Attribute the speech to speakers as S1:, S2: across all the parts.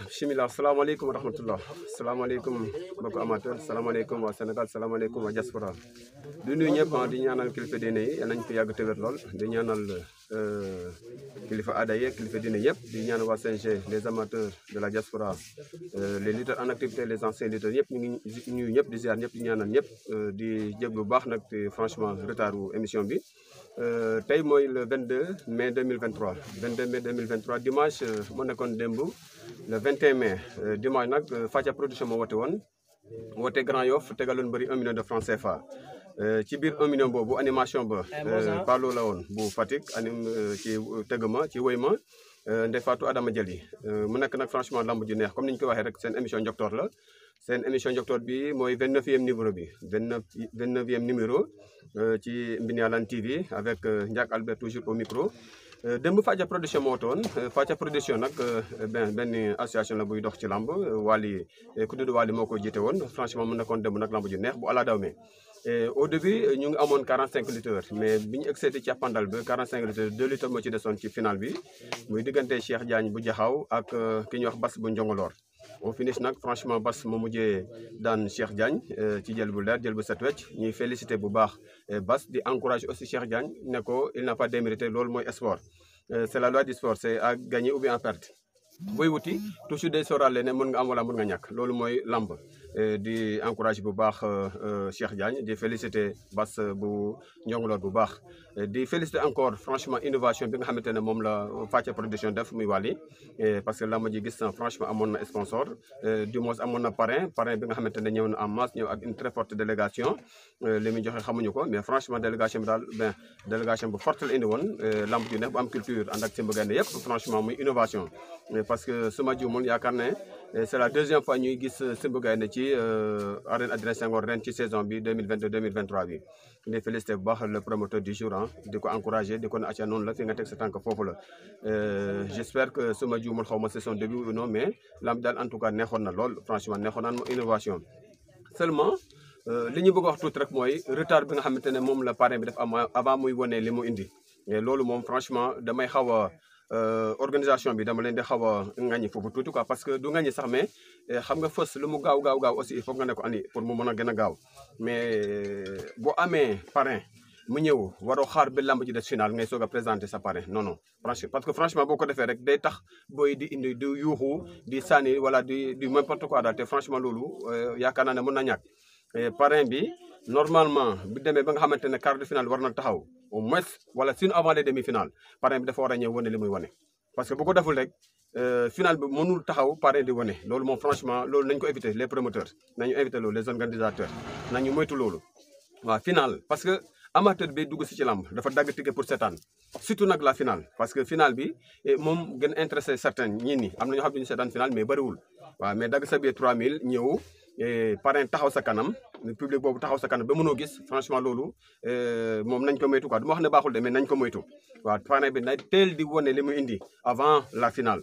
S1: bisimilah salaamaaleykum wa rahmatullah salaamaaleykum mbokki amateur salaamaaleykum waa Sénégal salaamaaleykum waa diaspora du nuyu ñëpp ah, di ñaanal kilifa diine yi yal nañu ko yàgg te wér lool di ñaanal. Euh, kilifa aada yeeg kilifa diine yëpp di ñaan waa CNG les amateurs de la diaspora euh, les leaders en activité les anciens leaders yëpp ñu ngi ñu di ziar ñep di ñaanal ñep euh, di jéglu bu baax nak franchement retard wu émission bi tay moy le 22 mai 2023 22 mai 2023 dimanche moo nekkoon dembu le 21 mai dimanche nak Fathia production mo woté won woté Grand yof tegaloon bari 1 million de francs CFA euh, ci un million bobo animation ba euh, parlo la on bo fatigue anim euh, ci tëgg ma ci wéy ma Adama Dialli mu nekk franchement lamb ju neex comme niñ ko waxe rek sen émission Njoktoor la sen émission Njoktoor bi moy vingt e numéro bi vingt neuf vingt numéro ci Mbine TV avec Ndiak Albert toujours au micro demb Fadia production moo toon Fadia production nak ben ben association la buy dox ci lamb wali ku tudd Wally moko ko won franchement mu nekkoon demb nak lamb ju neex bu ala dawme euh, au début, nous avons 45 lutteurs, mais nous avons excédé 45 litres, 2 lutteurs qui sont en finale. Nous avons Cheikh Diagne Boudjahao et euh, Bass Bounjongolor. Au finish, nak, franchement, Bass Momoudje dans Cheikh Diagne, qui euh, est le qui est le Nous félicitons Boubar et bas qui encourage aussi Cheikh Diagne, il n'a pas démérité l'olmoy espoir. C'est la loi du sport, c'est à gagner ou bien à perdre. Vous wuti toujours day sóoraale ne mën nga am wala mën nga ñàkk loolu euh, di encourager bu baax euh, euh, Cheikh Diagne di féliciter Bass bu njongoloor bu baax di féliciter encore franchement innovation bi nga xamantene mom la Fathia production def muy wàlli parce que làmb ji gis na franchement amoon na sponsor du moins amoon na parrain parrain bi nga xamantene ne na en masse ñew ak une très forte délégation li muy joxe xamuñu ko mais franchement délégation bi daal ben délégation bu forte la indi won làmb ji bu am culture and ak Simba Gaynde yépp franchement muy innovation parce que suma jiw moom yaakaar ne c'est la deuxième fois ñuy gis Simba Gaynde ci ci euh, arène Adrien Senghor ren ci saison bi 2022 2023 bi di félicité baax le promoteur du jour ah di encourager, encouragé di ko la fi nga teg sa tànk foofu la euh, j'espère que suma juumul xaw ma saison début ou non mais lam daal en tout cas neexoon na lool franchement neexoon naan mo innovation seulement euh, li ñu bëgg wax tuuti rek mooy retard bi nga xamante ne moom la parrain bi def am avant muy wane li mu indi mais loolu moom franchement damay xaw a organisation bi dama leen di xaw a ŋaññi foofu quoi parce que du ŋaññi sax mais eh, xam nga fës lu mu gaaw gaaw gaaw aussi il faut nga ne ani pour mu meuna gëna gën gaaw mais eh, bo amé parrain mu ñëw waroo xaar bi lamb ci des final ngay soga présenter sa parrain non non franchement parce que franchement boko ko rek day tax boy di indi di yuuxu di sani wala di di n'importe quoi daal te franchement lolu eh, yaakaar naa ne mëna na ñàkk parrain bi normalement bi demee ba nga xamante ne quart de finale war na taxaw au moins wala sinon avant les demi-finales parrain bi dafa wara ñëw woné limuy woné parce que bu ko deful rek euh, final monul mënul taxaw paré di woné loolu moom franchement loolu nañ ko éviter les promoteurs nañu éviter lolu les organisateurs nañu moytu lolu wa final parce que amateur bi dugg ci ci lamb dafa dag ticket pour seetaan surtout nak la finale parce que finale bi eh, mom gën intéressé certains ñi ni am na xam ne ñu seetaan finale mais wul wa mais dag sa bi 3000 ñëw eh, parrain taxaw sa kanam public bobu taxaw sa kanam be mëno gis franchement loolu eh, mom nañ ko moytu quoi du wax ne baxul de mais nañ ko moytu wa parrain bi na tel di woné limu indi avant la finale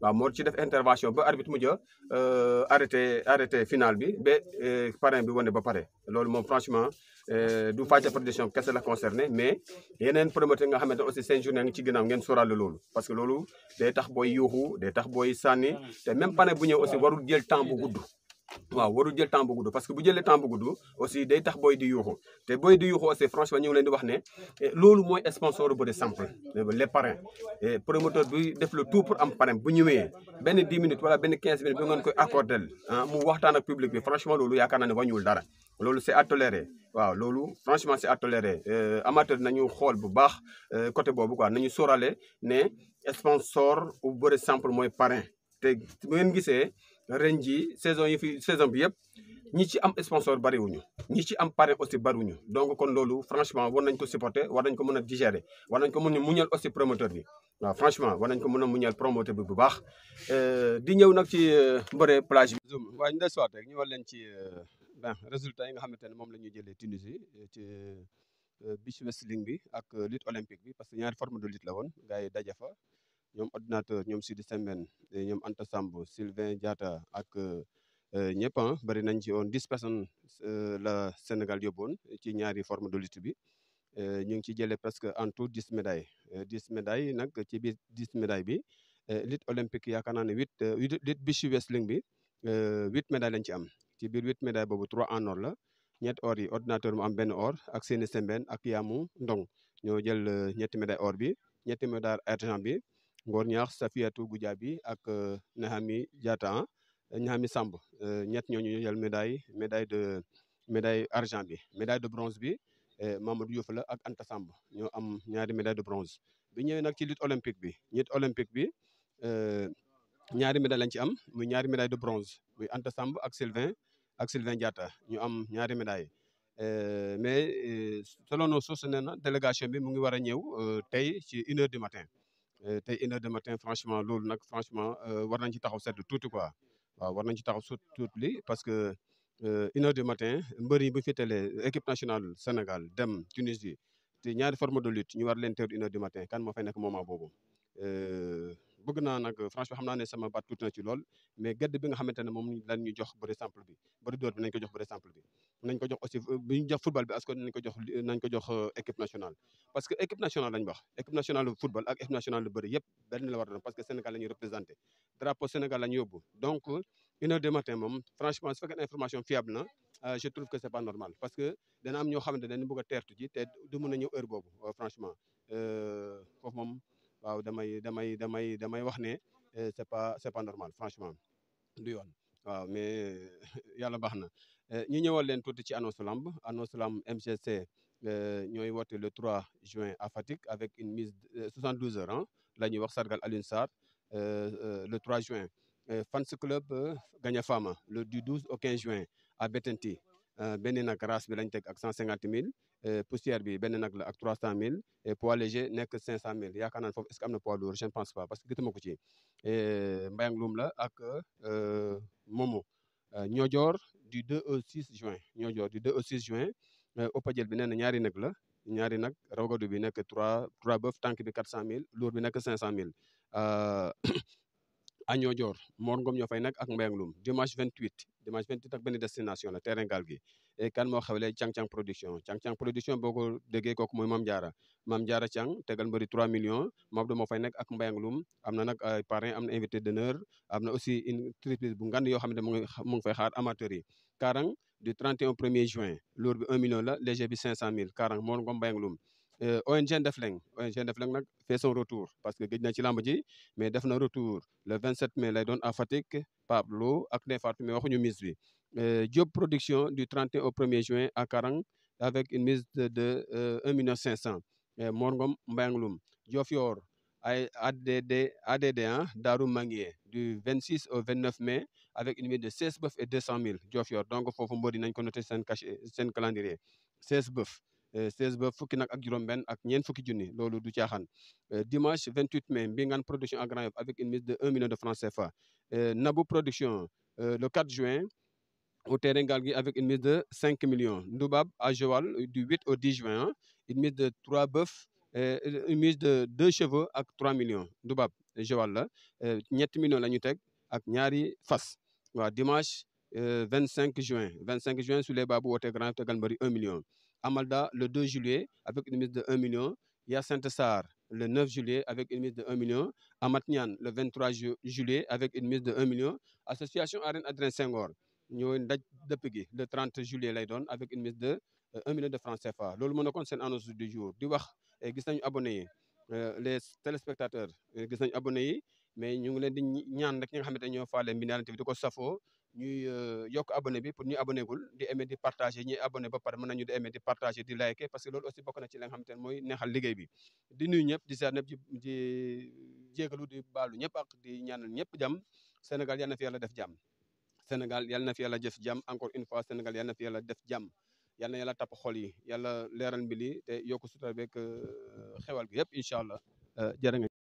S1: waaw moo ci def intervention ba arbitre mujj a euh, arrêté arrêté final bi ba euh, parrain bi wane ba pare loolu moom franchement euh, du Fathia Production kese la concerné mais yeneen promoteur nga xamante aussi seen journée ngi ci ginnaaw ngeen sóoraale loolu parce que loolu day tax booy yuuxu day tax booy sànni te même pane bu ñëw aussi warul jël temps bu gudd waaw warul jël temps bu parce que bu le temps bu gudd aussi day tax boy di yuuxu te boy di yuuxu c'est franchement ñu leen di wax né eh, lolu moy sponsor bu de simple eh, les et eh, promoteur bu def le tout pour am parrain bu ñëwee ben 10 minutes wala ben 15 minutes bu ngeen koy accordel ah, mu waxtaan ak public bi franchement lolu yaakaar na né wañul dara lolu c'est à tolérer waaw lolu franchement c'est à tolérer amateur nañu xol bu baax côté bobu quoi nañu soralé né sponsor bu bëri sample moy parrain. te bu ngeen gisee ren saison yi fi saison bi yëpp ñi ci am sponsor bariwuñu ñi ci am parrain aussi bariwuñu donc kon loolu franchement war nañ ko supporter war nañ ko mën a digérer war nañ ko mun a muñal aussi promoteur bi waaw franchement war nañ ko mën a muñal promoteur bi bu baax euh, di ñëw nag ci euh, mbëre plage bi zoom waaye ñu des waat ñu war leen ci euh, ben résultat yi nga xamante ne moom la ñuy jëlee Tunisie ci beach wrestling bi ak lutte olympique bi parce que ñaari forme de lutte la woon gars yi daje fa ñoom ordinateur ñoom Sidi Sembène eh, ñoom Anta Samb Sylvain jaata ak eh, eh, ñëpp ah, bari nañ ci woon dix personnes la Sénégal yóbboon ci ñaari forme de lutte bi ñu ngi ci jëlee presque en tout dix médailles dix médailles nag ci biir dix médailles bi lutte olympique yaakaar naa ne huit lutte bichu wrestling bi huit médailles lañ ci am ci biir huit médailles boobu trois en or la ñetti or yi ordinateur mu am benn or ak seeni Sembène ak Yaamu Ndong ñoo jël ñetti médailles or bi ñetti médailles argent bi Ngor Ñaax Safiatou Goudiaby ak euh, Nahami Diatta Nahami Samb euh, ñett ñooñu ñu jël médaille médaille de médaille argent bi médaille de bronze bi Mamadou Diouf la ak Anta Samb ñoo am ñaari médaille de bronze ñëwee nag ci lutte olympique bi lutte olympique bi euh, ñaari médaille lañ ci am muy ñaari médaille de bronze muy Anta Samb ak Sylvain ak Sylvain ñu am ñaari médaille mais selon nos sources nee na délégation bi mu ngi war a ñëw tey ci une heure du matin Euh, tay une heure de matin franchement loolu nak franchement euh, war nañ ci taxaw sedd tuuti quoi wa war nañ ci taxaw tout li parce que euh, une heure du matin mbër yi bu fi équipe nationale Sénégal dem Tunisie té ñaari forme de lutte ñu war leen teew une heure du matin kan mo fay nek moment euh bëgg na nak franchement xamna né sama baat tuuti na ci lool mais gëdd bi nga xamanté ne moom lañ ñu jox bëri simple bi bëri door bi nañ ko jox bëri simple bi nañ ko jox aussi euh, bi jox football bi askan nañ ko jox nañ ko jox euh, équipe nationale parce que équipe nationale lañ wax équipe nationale de football ak équipe nationale de bëri yépp benn la war a parce que Sénégal la ñuy représenté drapeau Sénégal la ñu yóbbu donc une heure de matin moom franchement su fekkee information fiable na euh, je trouve que c'est pas normal parce que dana am ñoo xamante dañu bëgg a teertu ji te du mën a ñëw heure boobu franchement foofu moom waaw damay damay damay damay wax ne c'est pas c'est pas normal franchement du yoon waaw mais yàlla baax na euh, ñu avons leen tout ci annonce lamb annonce lamb MGC euh, ñooy le 3 juin à Fatik avec une mise 72 euh, heures Hein? la ñuy wax sargal euh, le 3 juin. Fans Club gagne Fama le du 12 au 15 juin à Betenti. benn nag race bi 150 000 poussière bi benn la ak 300 000 et poids léger que 500 000 yaakaar naa est ce que am na poids lourd je ne pense pas parce que gisuma ko ci Mbayang Loum la ak Momo du 2 au 6 juin ñoo joor du 2 au 6 juin ëppajël euh, bi nee na ñaari nag la ñaari nag rawgadu bi nekk 3 3 bœuf tànk bi 400000 lour bi nekk 500000 à Niodior Mor Ngom ñoo fay ak dimanche 28 dimanche 28 ak benn destination la terrain gaal et kan moo xewle Cang Chang production Cang Chang production boo ko déggee kooku mooy Mame Diarra Mame Diarra Cang 3 millions Maodo moo fay nekk ak Mbayang Loum am ay parrain invité d'honneur am aussi une triple bu ngand yoo xam ne ngi ngi fay xaar amateurs yi Karang du 31 premier juin lourd bi 1 million la léger bi 500 000 Karang Mor Ngom euh, ONG Ndefleng fait son retour parce que géej na ci làmb ji mais fait retour le 27 mai lay donné à Fatik, Pablo ak Ndeye Fatou mais waxuñu mise bi. Euh, Diop production du 31 au 1er juin à Karang avec une mise de 1 euh, million 500 Mor Ngom Mbayangloum ADD ADD hein, Darou du 26 au 29 mai avec une mise de 16 bœufs et 200 000 Diofior donc il faut que vous ko noté calendrier 16 bœufs. 16 eh, ba fukki ak juróom ak ñeen fukki lolu du eh, dimanche 28 mai bingan production à avec une mise de 1 million de francs CFA eh, nabo production le 4 juin au terrain Galgui avec une mise de 5 millions Ndoubab à Joal du 8 au 10 juin une mise de 3 bœufs une mise de 2 chevaux avec 3 millions Ndoubab Joal la ñet millions la ñu teg ak ñaari fas dimanche 25 juin 25 juin les Babou au Grand 1 million Amalda le 2 juillet avec une mise de 1 million. Yacinthe Sar le 9 juillet avec une mise de 1 million. Amatnian le 23 juillet avec une mise de 1 million. Association Arène Adrien Senghor avons une de gi le 30 juillet avec une mise de 1 euh, million de francs CFA Nous nous nekkoon seen annonce du jour di wax gis abonné les téléspectateurs gis nañu abonné euh, eh, mais nous ngi dit, di ñaan avons fait nga ñoo ñuy euh, yokk abonné bi pour ñu abonné gul di aimé di partagé ñuy abonné ba pare mën nañu di aimé di partagé di liké parce que loolu aussi bokk na ci li nga xamante ne neexal liggéey bi di nuyu ñëpp di seet ñëpp di jégalu di baalu ñëpp ak di ñaanal ñëpp jam Sénégal yal na fi yàlla def jàmm Sénégal yal na fi yàlla def jam encore une fois Sénégal yal na fi yàlla def jàmm yal na yàlla tapp xol yi yàlla leeral mbili te yokk sutura beeg euh, xewal gi yëpp incha allah euh, jërë nga